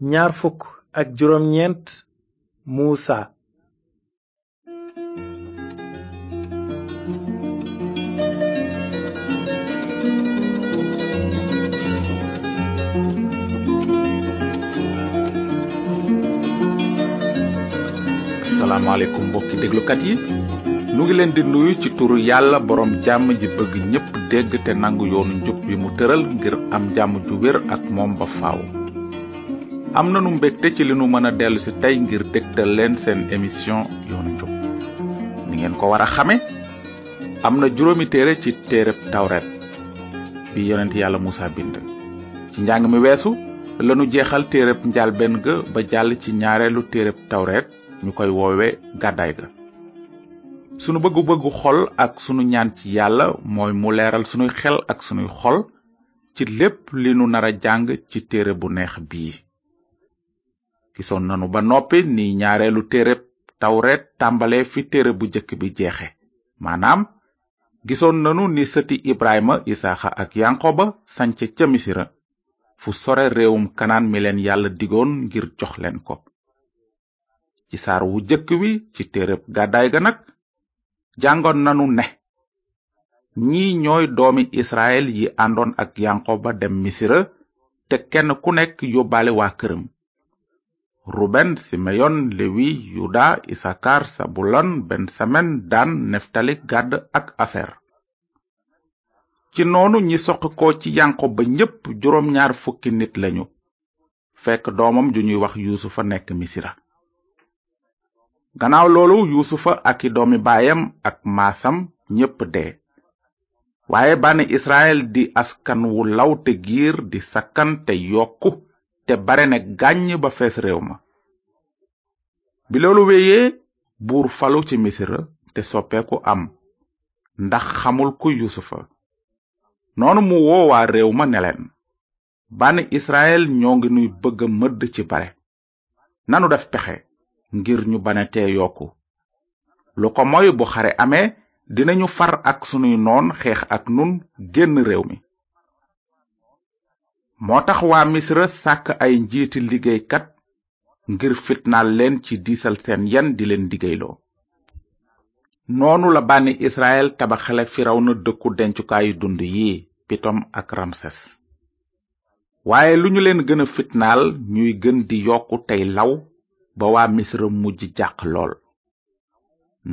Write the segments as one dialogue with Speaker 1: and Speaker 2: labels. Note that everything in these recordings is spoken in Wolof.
Speaker 1: ñaar fukk ak juróom ñeent Muusa asalaamaaleykum mbokki déglukat yi nu ngi leen di nuyu ci turu yàlla boroom jàmm ji bëgg ñépp dégg te nangu yoonu njub bi mu tëral ngir am jàmm ju wér ak moom ba faaw am nanu mbégte ci li nu mën a dellu si tey ngir dégtal leen seen émission yoonu njub ni ngeen ko war a xame am na juróomi téere ci téereb tawret bi yonent yàlla Musaa bind ci njàng mi weesu lanu jeexal téereb njàlbéen ga ba jàll ci ñaareelu téereb tawret ñu koy woowe gàddaay ga sunu bëggu-bëggu xol ak sunu ñaan ci yàlla mooy mu leeral sunuy xel ak sunuy xol ci lépp li nu nar a jàng ci téere bu neex bii gisoon nanu ba noppi ni ñaareelu téereb tawret tàmbale fi téere bu jëkk bi jeexe maanaam gisoon nanu ni sëti ibrahima isaaxa ak yanqoba sance ca misira fu sore réewum kanaan mi leen yàlla digoon ngir jox leen ko ci saar wu jëkk wi ci téereb gàddaay ga nag jàngoon nanu ne ñi ñooy doomi israel yi àndoon ak yanqoba dem misira te kenn ku nekk yóbbaale waa këram Ruben Simeyon Lewi Yuda Isakar Sabulon Bensamen daan Neftali Gàdd ak Aser ci noonu ñi soq ko ci Yanqoba ñépp juróom ñaar fukki nit lañu fekk doomam ju ñuy wax Yuusufa nekk Misira gannaaw loolu Yuusufa ak doomi baayam ak maasam ñépp dee waaye bànni Israyil di askan wu law te giir di sakkan te yokku te bare ne gàññ ba fees réew ma bi loolu wéyee buur falu ci misira te soppeeku am ndax xamul ku yusufa noonu mu woowaa réew ma ne leen bànni israel ñoo ngi nuy bëgg a mëdd ci bare nanu def pexe ngir ñu bane te yokku lu ko moy bu xare amee dinañu far ak sunuy noon xeex ak nun génn réew mi moo tax waa misra sàkk ay njiiti liggéeykat ngir fitnaal leen ci diisal seen yenn di leen liggéeyloo noonu la bànni israel tabaxale na dëkku dencukaayu dund yi pitom ak ramses waaye lu ñu leen gën a fitnaal ñuy gën di yokku tey law ba waa misra mujj jàq lool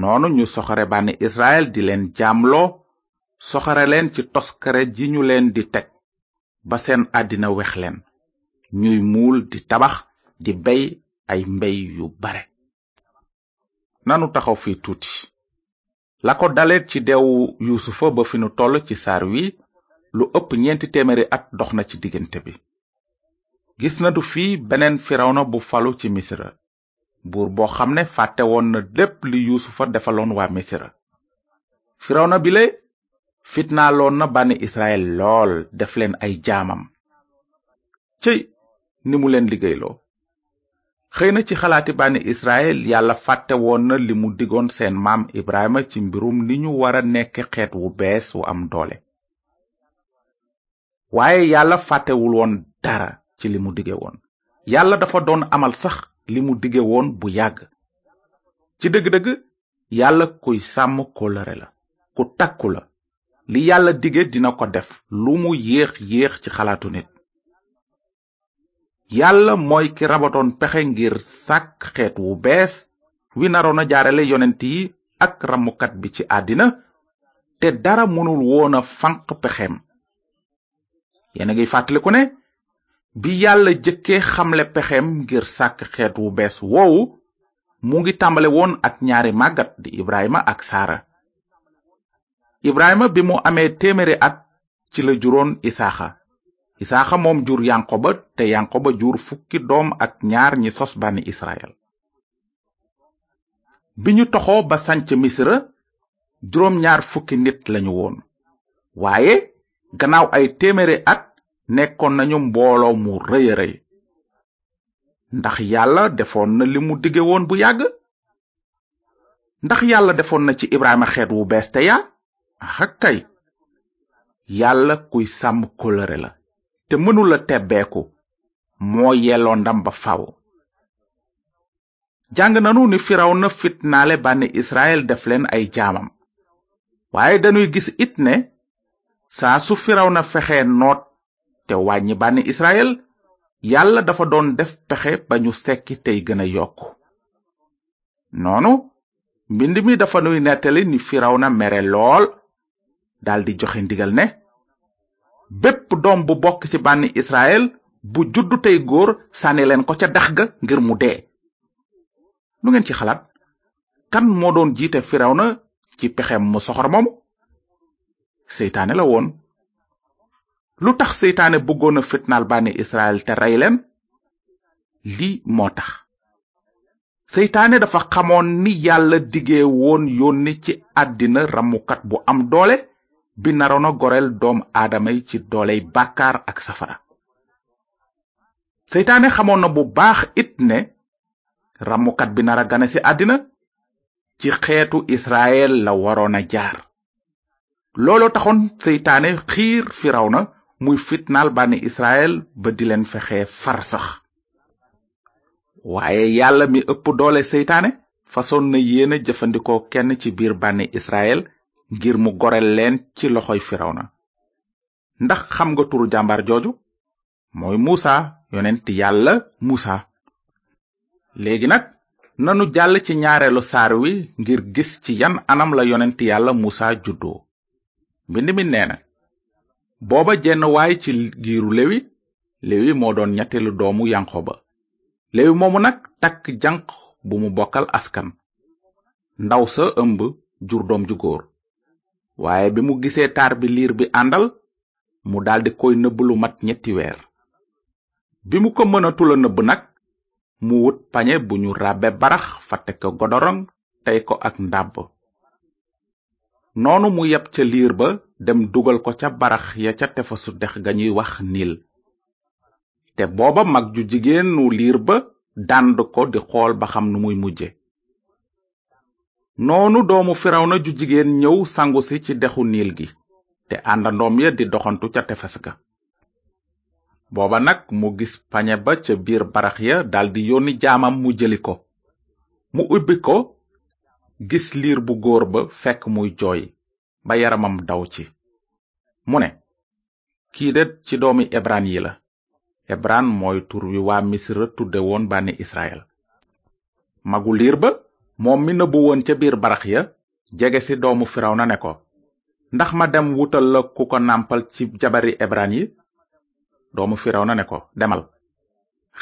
Speaker 1: noonu ñu soxore bànni israel di leen jaamloo soxore leen ci toskare ji ñu leen di teg ba seen àddina wex leen ñuy muul di tabax di bey ay mbey yu bare nanu taxaw fi tuuti la ko dale ci deewu yuusufa ba fi nu toll ci saar wi lu ëpp ñeenti téeméeri at dox na ci diggante bi gis na du fi beneen firawna bu falu ci misira buur boo xam ne fàtte woon na lépp li yuusufa defaloon waa misira firawna bile fitnaaloon na bànni israel lool def leen ay jaamam cëy ni mu leen liggéeyloo xëy na ci xalaati bànni israel yàlla fàtte woon na li mu digoon seen maam ibrahima ci mbirum ni ñu wara nekke xeet wu bees wu am doole waaye yàlla fàttewul woon dara ci li mu dige woon yàlla dafa doon amal sax li mu dige woon bu yàgg ci dëgg-dëgg yàlla kuy sàmm kóllëre la ku takku la li yàlla dige dina ko def lu mu yéex yéex ci xalaatu nit yàlla mooy ki rabatoon pexe ngir sàkk xeet wu bees wi naroon a jaarale yonent yi ak ramukat bi ci àddina te dara mënul woon a fanq pexeem yéen a ngi fàttaliku ne bi yàlla jëkkee xamle pexeem ngir sàkk xeet wu bees woowu mu ngi tàmbale woon ak ñaari màggat di Ibrahima ak Saara ibrahima bi mu amee téeméeri at ci la juróon isaaxa isaaxa moom jur yankoba te yankoba jur fukki doom ak ñaar ñi sos bànni israel bi ñu toxoo ba sanc misra juróom ñaar fukki nit lañu woon waaye gannaaw ay téeméeri at nekkoon nañu mbooloo mu rëy rëy ndax yàlla defoon na li mu woon bu yàgg ndax yàlla defoon na ci ibrahima xeet wu bees te yaa xakkay yàlla kuy sàmm kóllëre la te mënula tebbeeku moo yelloo ndam ba faw jàng nanu ni na fitnaale bànni israel def leen ay jaamam waaye dañuy gis it ne saa su firaw na fexe noot te wàññi bànni israel yàlla dafa doon def pexe ba ñu sekki tey gën a yokk noonu mbind mi dafa nuy nettali ni na mere lool daldi joxe ndigal ne bépp doom bu bokk ci bànni israel bu juddu tey góor sànni leen ko ca dax ga ngir mu dee lu ngeen ci xalaat kan moo doon jiite na ci pexem mu soxor moomu seytaane la woon lu tax seytaane bëggoon a fitnaal bànni israel te rey leen lii moo tax seytaane dafa xamoon ni yàlla diggee woon yónni ci àddina ramukat bu am doole bi naroona goreel doom aadama yi ci dooley bàkkaar ak safara seytaane xamoon na bu baax it ne ramukat bi nara gane ci àddina ci xeetu israel la waroon a jaar loolo taxoon seytaane xiir raw na muy fitnaal bànni israel ba di leen fexe far sax waaye yàlla mi ëpp doole seytaane fasoon na yéena jëfandikoo kenn ci biir bànni israel ngir mu gorel leen ci loxoy firawna ndax xam nga turu jàmbar jooju mooy muusa yonent yàlla muusa léegi nag nanu jàll ci ñaareelu saar wi ngir gis ci yan anam la yonent yàlla muusa juddoo mbind mi nee booba jenn waay ci giiru lewi lewi moo doon ñetteelu doomu yanqoba lewi moomu nag takk janq bu mu bokkal askan ndaw sa ëmb jur doom ju góor waaye bi mu gisee taar bi liir bi àndal mu daldi koy nëbb lu mat ñetti weer bi mu ko mënatula nëbb nag mu wut pañe bu ñu ràbbe barax fate ko godorong tey ko ak ndàbb noonu mu yab ca liir ba dem dugal ko ca barax ya ca tefesu dex ga ñuy wax niil te booba mag ju jigéenu liir ba dànd ko di xool ba xam nu muy mujje noonu doomu na ju jigéen ñëw sangu si ci dexu niil gi te àndandoom ya di doxantu ca tefes ga booba nag mu gis pañe ba ca biir barax ya daldi yónni jaamam mu jëli ko mu ubbi ko gis liir bu góor ba fekk muy jooy ba yaramam daw ci mu ne kii de ci doomi ebraan yi la ebraan mooy tur wi waa misra tudde woon bànni israel magu liir ba moom mi nëbbu woon ca biir barax ya jege si doomu na ne ko ndax ma dem wutal la ku ko nàmpal ci jabari ebran yi doomu na ne ko demal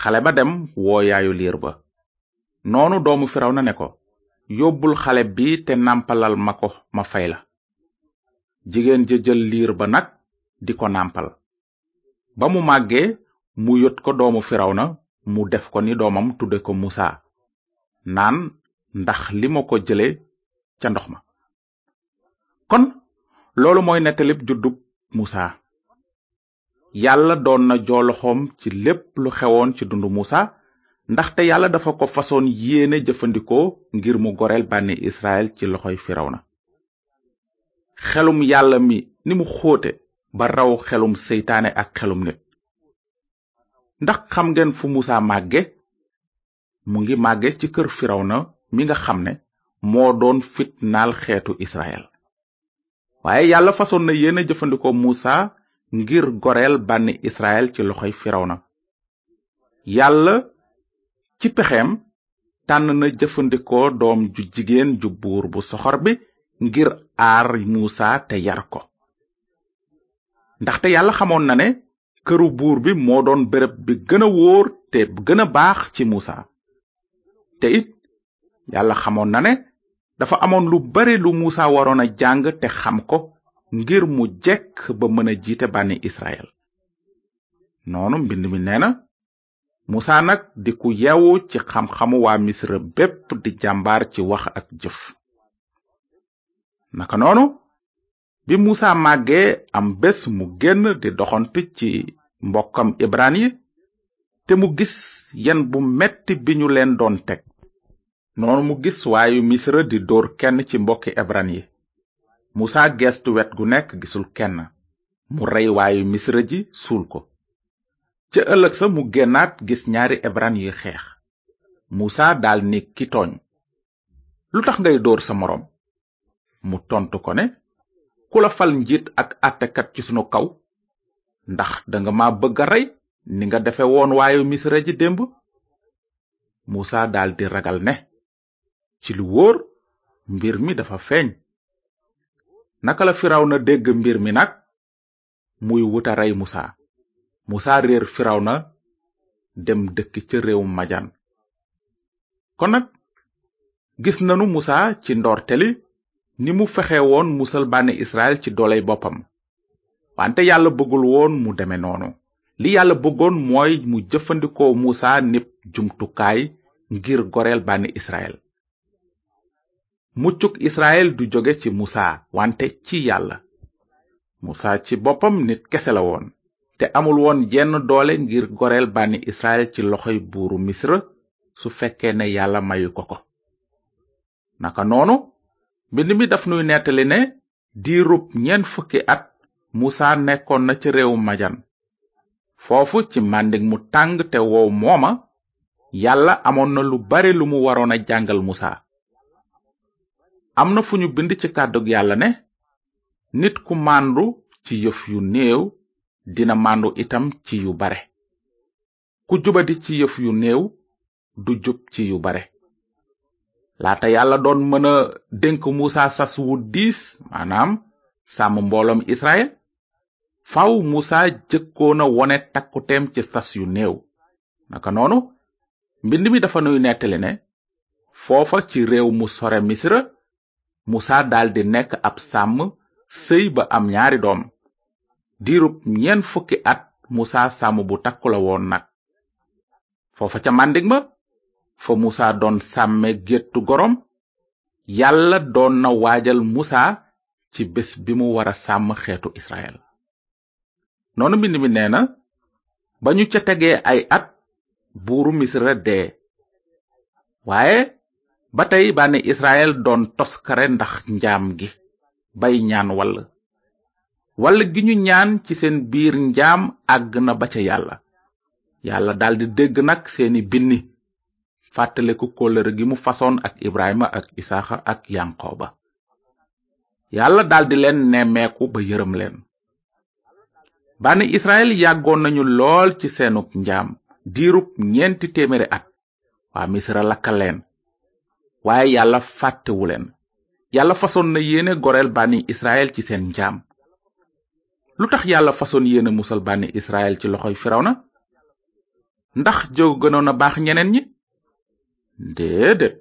Speaker 1: xale ba dem wooyaayu liir ba noonu doomu na ne ko yóbbul xale bi te nàmpalal ma ko ma fay la jigéen ja jël liir ba nag di ko nàmpal ba mu màggee mu yot ko doomu na mu def ko ni doomam tudde ko musa naan ndax li ma ko jële ca ndox ma kon loolu mooy nettalib juddub musa yàlla doon na jooloxoom ci lépp lu xewoon ci dundu muusa ndaxte yàlla dafa ko fasoon yéene jëfandikoo ngir mu goreel bànni israel ci firaw na xelum yàlla mi ni mu xóote ba raw xelum seytaane ak xelum nit ndax xam ngeen fu muusa màgge mu ngi màgge ci kër firaw na mi nga xam ne moo doon fitnaal xeetu israel waaye yàlla fasoon na yéene jëfandikoo muusa ngir goreel bànni israel ci loxoy na yàlla ci pexeem tànn na jëfandikoo doom ju jigéen ju buur bu soxor bi ngir aar muusa te yar ko ndaxte yàlla xamoon na ne këru buur bi moo doon bërëb bi gëna a wóor te gën baax ci muusa te it yàlla xamoon na ne dafa amoon lu bare lu muusa waroon a jàng te xam ko ngir mu jekk ba mën a jiite bànni israel noonu mbind mi nee na muusa nag di ku yewu ci xam-xamu waa misra bépp di jàmbaar ci wax ak jëf naka noonu bi muusa màggee am bés mu génn di doxant ci mbokkam ibraan yi te mu gis yen bu metti bi ñu leen doon teg noonu mu gis waayu misra di dóor kenn ci mbokki ebran yi musa geestu wet gu nekk gisul kenn mu rey waayu misra ji suul ko ca ëllëg sa mu génnaat gis ñaari ebran yuy xeex musa dal ni ki tooñ lu tax ngay dóor sa moroom mu tontu ko ne ku la fal njiit ak àttekat ci sunu kaw ndax danga ma bëgg a rey ni nga defe woon waayu misra ji démb musa daldi ragal ne ci lu wóor mbir mi dafa feeñ naka la na dégg mbir mi nag muy wuta rey musa musa réer na dem dëkk ca réewum majaan kon nag gis nanu musa ci ndoorteli ni mu fexe woon musal bànni israel ci dooley boppam wante yàlla bëggul woon mu deme noonu li yàlla bëggoon mooy mu jëfandikoo musa nib jumtukaay ngir goreel bànni israel muccuk israel du jóge ci musa wante ci yàlla musa ci boppam nit kese la woon te amul woon jenn doole ngir goreel bànni israel ci loxoy buuru misra su fekkee ne yàlla mayu ko ko naka noonu mbind mi daf nuy nettali ne diirub ñeent fukki at musa nekkoon na ci réewu majan foofu ci màndig mu tàng te wow mooma yàlla amoon na lu bare lu mu waroon a jàngal musa am na fu ñu bind ci kàddu yàlla ne nit ku màndu ci yëf yu néew dina màndu itam ci yu bare ku jubadi ci yëf yu néew du jub ci yu bare laata yàlla doon mën a dénk musa sas wu diis maanaam sàmm mbooloom israel faw muusa jëkkoona wone takkuteem ci sas yu néew naka noonu mbind mi dafa nuy nettali ne foofa ci réew mu sore misra musa daldi nekk ab sàmm sëy ba am ñaari doom diirub ñeent fukki at musa sàmm bu takku la woon nag foofa ca màndig ma fa musa doon sàmme géttu goroom yàlla doon na waajal musa ci bés bi mu wara sàmm xeetu israel noonu mbind mi na ba ñu ca tegee ay at buuru misra dee waaye ba tey bànne israel doon toskare ndax njaam gi bay ñaan wall wall gi ñu ñaan ci seen biir njaam àgg na ba ca yàlla yàlla daldi dégg nag seeni binni fàttaleku kóllëre gi mu fasoon ak ibrahima ak isaaxa ak yanqooba yàlla daldi leen nemmeeku ba yërëm leen bànni israel yàggoon nañu lool ci seenug njaam diirub ñeenti téeméeri at waa misra lakka leen waaye yàlla fàttewu leen yàlla fasoon na yéene goreel bànni israel ci seen njaam lu tax yàlla fasoon yéene musal bànni israel ci loxoy na ndax jóg gënoon a baax ñeneen ñi déedéet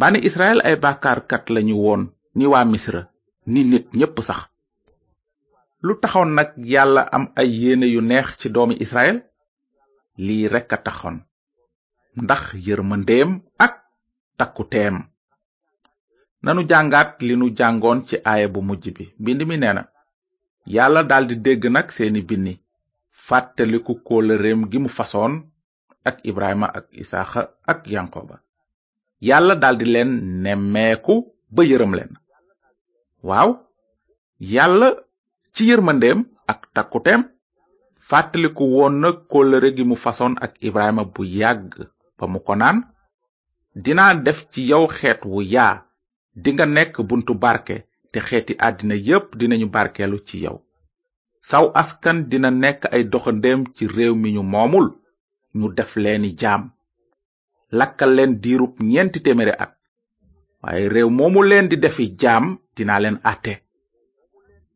Speaker 1: bànni israel ay bàkkaarkat lañu woon ni waa misra ni nit ñépp sax lu taxoon nag yàlla am ay yéene yu neex ci doomi israel lii rekk a taxoon ndax yërmandeem ak takku nanu jàngat li nu jàngoon ci aaye bu mujj bi mbind mi nee na yàlla daldi dégg nag seeni binni fàttaliku kóolëreem gi mu fasoon ak ibrahima ak isaaxa ak yankoba yàlla daldi leen nemmeeku ba yërëm leen waaw yàlla ci yërmandeem ak takkuteem fàttaliku woon na gi mu fasoon ak ibrahima bu yàgg ba mu ko naan dina def ci yow xeet wu yaa dinga nekk buntu barke te xeeti àddina yépp dinañu barkeelu ci yow saw askan dina nekk ay doxandéem ci réew mi ñu moomul ñu def leeni jaam lakkal leen diirub ñeenti téeméeri at waaye réew moomu leen di defi jaam dina leen àtte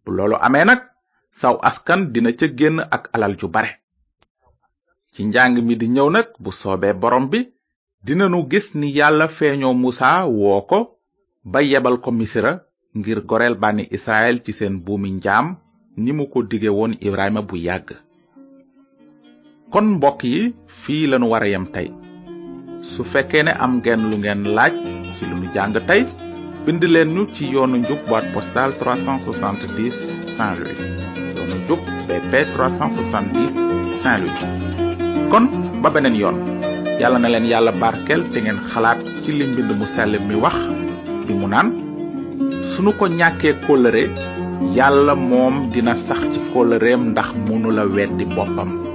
Speaker 1: bu loolu amee nag saw askan dina ca génn ak alal ju bare ci njàng mi di ñëw nag bu soobee borom bi dina nu gis ni yàlla feeñoo musa woo ko ba yebal ko misira ngir goreel bànni israel ci seen buumi njaam ni mu ko dige woon ibrahima bu yàgg kon mbokk yi fii lanu war a yem tey su fekkee ne am ngeen lu ngeen laaj ci lu nu jàng tey bind leen ñu ci yoonu njub boîte postale 370 Saint-Louis kon ba beneen yoon yàlla na leen yàlla barkeel te ngeen xalaat ci li mbind mu sell mi wax bi mu naan sunu ko ñàkkee kóllëre yàlla moom dina sax ci kóllëreem ndax mënula di boppam